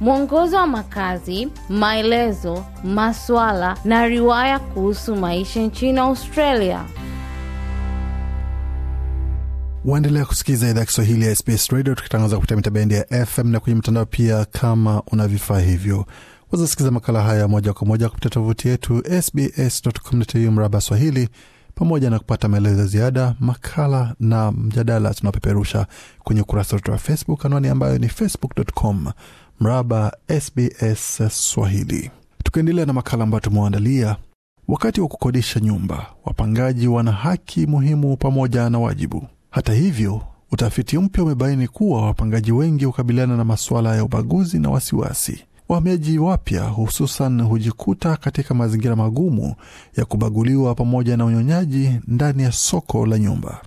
mwongozo wa makazi, maelezo, maswala na riwaya kuhusu maisha nchini Australia. Waendelea kusikiliza idhaa Kiswahili ya SBS Radio, tukitangaza kupitia mitabendi ya FM na kwenye mtandao pia. Kama una vifaa hivyo, wazasikiza makala haya moja kwa moja kupitia tovuti yetu sbscu mraba Swahili pamoja na kupata maelezo ya ziada, makala na mjadala tunaopeperusha kwenye ukurasa wetu wa Facebook, anwani ambayo ni facebook.com mraba SBS Swahili. Tukiendelea na makala ambayo tumewaandalia, wakati wa kukodisha nyumba, wapangaji wana haki muhimu pamoja na wajibu. Hata hivyo, utafiti mpya umebaini kuwa wapangaji wengi hukabiliana na masuala ya ubaguzi na wasiwasi Wahamiaji wapya hususan hujikuta katika mazingira magumu ya kubaguliwa pamoja na unyonyaji ndani ya soko la nyumba.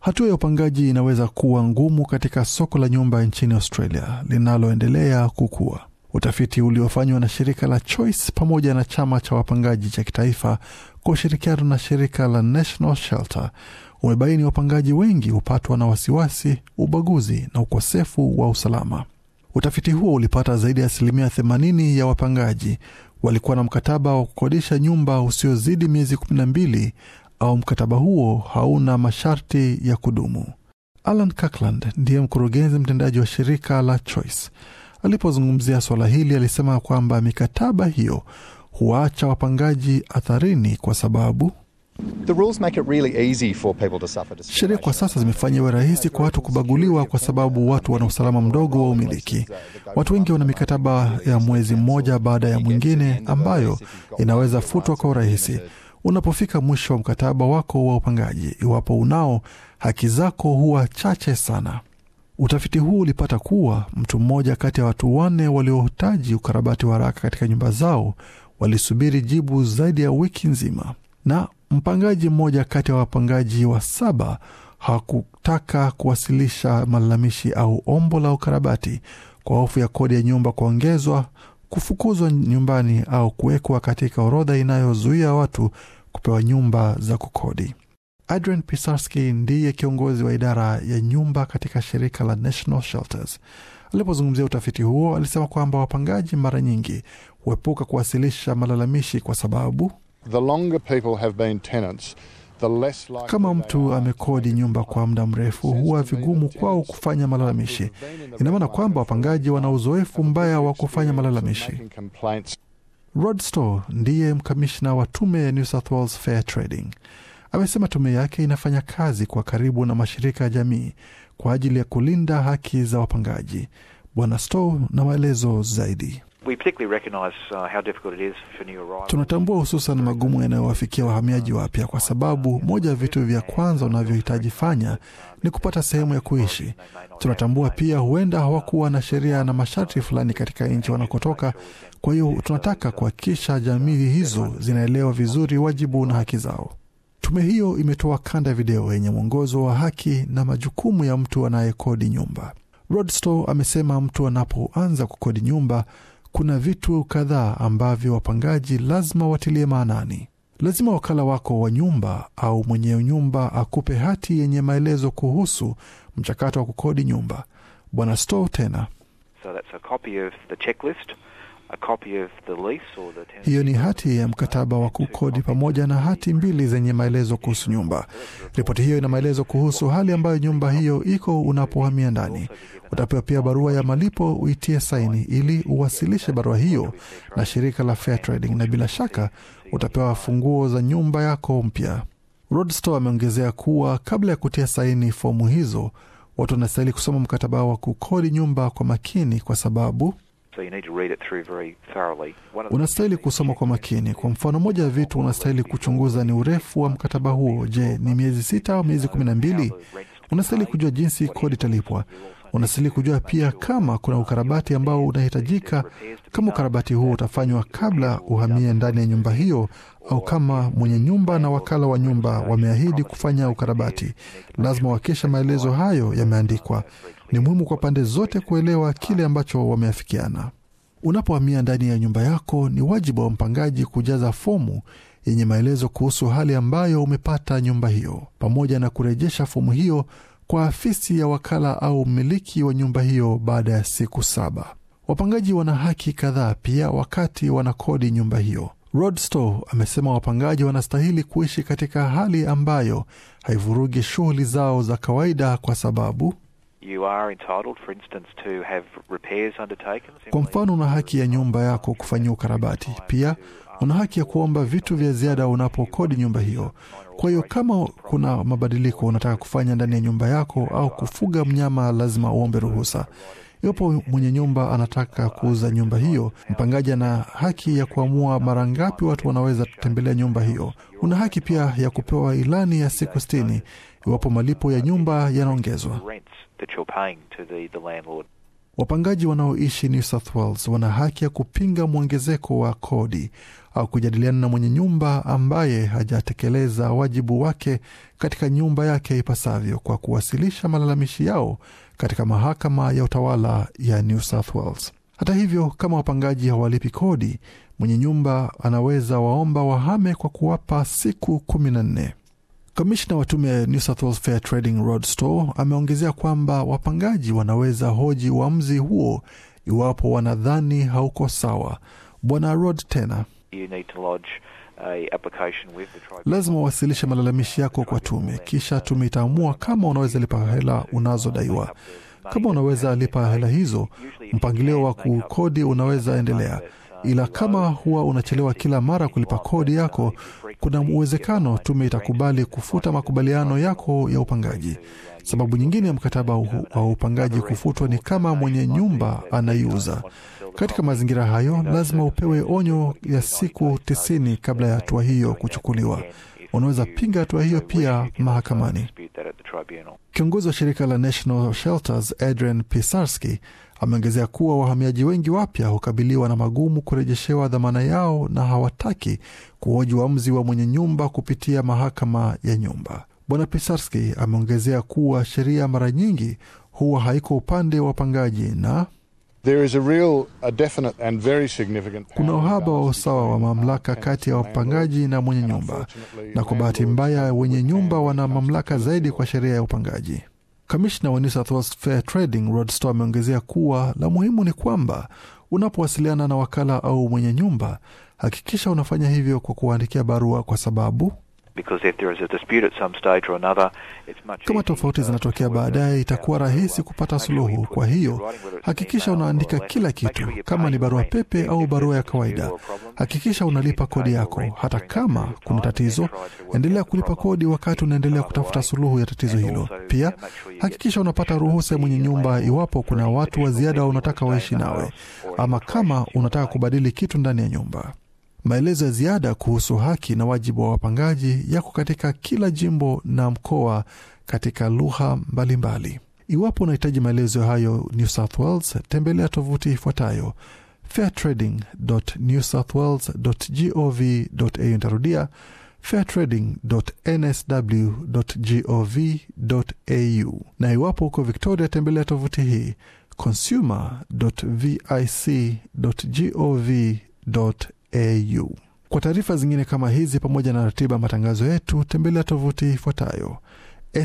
Hatua ya upangaji inaweza kuwa ngumu katika soko la nyumba nchini Australia linaloendelea kukua. Utafiti uliofanywa na shirika la Choice pamoja na chama cha wapangaji cha kitaifa kwa ushirikiano na shirika la National Shelter umebaini wapangaji wengi hupatwa na wasiwasi, ubaguzi na ukosefu wa usalama. Utafiti huo ulipata zaidi ya asilimia 80 ya wapangaji walikuwa na mkataba wa kukodisha nyumba usiozidi miezi 12 au mkataba huo hauna masharti ya kudumu. Alan Kirkland ndiye mkurugenzi mtendaji wa shirika la Choice. Alipozungumzia swala hili, alisema kwamba mikataba hiyo huwaacha wapangaji atharini kwa sababu Sheria kwa sasa zimefanya iwe rahisi kwa watu kubaguliwa kwa sababu watu wana usalama mdogo wa umiliki. Watu wengi wana mikataba ya mwezi mmoja baada ya mwingine ambayo inaweza futwa kwa urahisi. Unapofika mwisho wa mkataba wako wa upangaji, iwapo unao, haki zako huwa chache sana. Utafiti huu ulipata kuwa mtu mmoja kati ya watu wanne waliohitaji ukarabati wa haraka katika nyumba zao walisubiri jibu zaidi ya wiki nzima na Mpangaji mmoja kati ya wapangaji wa saba hakutaka kuwasilisha malalamishi au ombo la ukarabati kwa hofu ya kodi ya nyumba kuongezwa, kufukuzwa nyumbani au kuwekwa katika orodha inayozuia watu kupewa nyumba za kukodi. Adrian Pisarski ndiye kiongozi wa idara ya nyumba katika shirika la National Shelters. Alipozungumzia utafiti huo, alisema kwamba wapangaji mara nyingi huepuka kuwasilisha malalamishi kwa sababu kama mtu amekodi nyumba kwa muda mrefu, huwa vigumu kwao kufanya malalamishi. Ina maana kwamba wapangaji wana uzoefu mbaya wa kufanya malalamishi. Rod Store ndiye mkamishna wa tume ya New South Wales Fair Trading. Amesema tume yake inafanya kazi kwa karibu na mashirika ya jamii kwa ajili ya kulinda haki za wapangaji. Bwana Store na maelezo zaidi. Uh, Tunatambua hususan magumu yanayowafikia wahamiaji wapya, kwa sababu moja ya vitu vya kwanza unavyohitaji fanya ni kupata sehemu ya kuishi. Tunatambua pia huenda hawakuwa na sheria na masharti fulani katika nchi wanakotoka. Kwa hiyo tunataka kuhakikisha jamii hizo zinaelewa vizuri wajibu na haki zao. Tume hiyo imetoa kanda video yenye mwongozo wa haki na majukumu ya mtu anayekodi nyumba. Rodstow amesema mtu anapoanza kukodi nyumba kuna vitu kadhaa ambavyo wapangaji lazima watilie maanani. Lazima wakala wako wa nyumba au mwenye nyumba akupe hati yenye maelezo kuhusu mchakato wa kukodi nyumba. Bwana Stow tena. So that's a copy of the checklist. Hiyo ni hati ya mkataba wa kukodi pamoja na hati mbili zenye maelezo kuhusu nyumba. Ripoti hiyo ina maelezo kuhusu hali ambayo nyumba hiyo iko unapohamia ndani. Utapewa pia barua ya malipo uitie saini ili uwasilishe barua hiyo na shirika la na bila shaka utapewa funguo za nyumba yako mpya. Rodstow ameongezea kuwa kabla ya kutia saini fomu hizo, watu wanastahili kusoma mkataba wa kukodi nyumba kwa makini, kwa sababu Unastahili kusoma kwa makini. Kwa mfano, moja ya vitu unastahili kuchunguza ni urefu wa mkataba huo. Je, ni miezi sita au miezi kumi na mbili? Unastahili kujua jinsi kodi italipwa, Unastahili kujua pia kama kuna ukarabati ambao unahitajika, kama ukarabati huo utafanywa kabla uhamie ndani ya nyumba hiyo au kama mwenye nyumba na wakala wa nyumba wameahidi kufanya ukarabati, lazima wakesha maelezo hayo yameandikwa. Ni muhimu kwa pande zote kuelewa kile ambacho wameafikiana. Unapohamia ndani ya nyumba yako, ni wajibu wa mpangaji kujaza fomu yenye maelezo kuhusu hali ambayo umepata nyumba hiyo, pamoja na kurejesha fomu hiyo kwa afisi ya wakala au mmiliki wa nyumba hiyo baada ya siku saba. Wapangaji wana haki kadhaa pia wakati wanakodi nyumba hiyo. Rod Stow amesema wapangaji wanastahili kuishi katika hali ambayo haivurugi shughuli zao za kawaida kwa sababu You are entitled, for instance, to have repairs undertaken. Kwa mfano una haki ya nyumba yako kufanyia ukarabati, pia una haki ya kuomba vitu vya ziada unapokodi nyumba hiyo. Kwa hiyo kama kuna mabadiliko unataka kufanya ndani ya nyumba yako au kufuga mnyama, lazima uombe ruhusa. Iwapo mwenye nyumba anataka kuuza nyumba hiyo, mpangaji ana haki ya kuamua mara ngapi watu wanaweza kutembelea nyumba hiyo. Una haki pia ya kupewa ilani ya siku sitini iwapo malipo ya nyumba yanaongezwa. Wapangaji wanaoishi New South Wales wana haki ya kupinga mwongezeko wa kodi au kujadiliana na mwenye nyumba ambaye hajatekeleza wajibu wake katika nyumba yake ipasavyo kwa kuwasilisha malalamishi yao katika mahakama ya utawala ya New South Wales. Hata hivyo, kama wapangaji hawalipi kodi, mwenye nyumba anaweza waomba wahame kwa kuwapa siku kumi na nne. Kamishna wa tume ya New South Wales Fair Trading Store ameongezea kwamba wapangaji wanaweza hoji uamuzi huo iwapo wanadhani hauko sawa. Bwana Rod tena lazima uwasilishe malalamishi yako kwa tume, kisha tume itaamua kama unaweza lipa hela unazodaiwa. Kama unaweza lipa hela hizo, mpangilio wa kukodi unaweza endelea ila kama huwa unachelewa kila mara kulipa kodi yako, kuna uwezekano tume itakubali kufuta makubaliano yako ya upangaji. Sababu nyingine ya mkataba wa upangaji kufutwa ni kama mwenye nyumba anaiuza. Katika mazingira hayo, lazima upewe onyo ya siku tisini kabla ya hatua hiyo kuchukuliwa. Unaweza pinga hatua hiyo pia mahakamani. Kiongozi wa shirika la National Shelters Adrian Pisarski Ameongezea kuwa wahamiaji wengi wapya hukabiliwa na magumu kurejeshewa dhamana yao na hawataki kuhoji uamuzi wa mwenye nyumba kupitia mahakama ya nyumba. Bwana Pisarski ameongezea kuwa sheria mara nyingi huwa haiko upande wa wapangaji na There is a real, a definite and very significant... kuna uhaba wa usawa wa mamlaka kati ya wapangaji na mwenye nyumba, na kwa bahati mbaya wenye nyumba wana mamlaka zaidi kwa sheria ya upangaji. Kamishna wa New South Wales Fair Trading Rod ameongezea kuwa la muhimu ni kwamba unapowasiliana na wakala au mwenye nyumba, hakikisha unafanya hivyo kwa kuwaandikia barua, kwa sababu kama tofauti zinatokea baadaye, itakuwa rahisi kupata suluhu. Kwa hiyo hakikisha unaandika kila kitu, kama ni barua pepe au barua ya kawaida. Hakikisha unalipa kodi yako. Hata kama kuna tatizo, endelea kulipa kodi wakati unaendelea kutafuta suluhu ya tatizo hilo. Pia hakikisha unapata ruhusa ya mwenye nyumba iwapo kuna watu wa ziada unataka waishi nawe, ama kama unataka kubadili kitu ndani ya nyumba. Maelezo ya ziada kuhusu haki na wajibu wa wapangaji yako katika kila jimbo na mkoa katika lugha mbalimbali. Iwapo unahitaji maelezo hayo New South Wales, tembelea tovuti ifuatayo fairtrading.newsouthwales.gov.au. Nitarudia fairtrading.nsw.gov.au. Na iwapo uko Victoria, tembelea tovuti hii consumer.vic.gov au. Kwa taarifa zingine kama hizi pamoja na ratiba ya matangazo yetu tembelea tovuti ifuatayo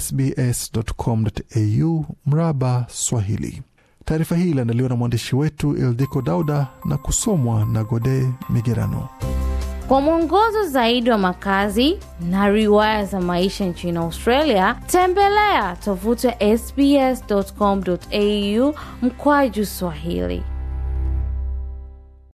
sbs.com.au mraba Swahili. Taarifa hii iliandaliwa na mwandishi wetu Ildiko Dauda na kusomwa na Gode Migerano. Kwa mwongozo zaidi wa makazi na riwaya za maisha nchini Australia, tembelea tovuti ya sbs.com.au mkwaju Swahili.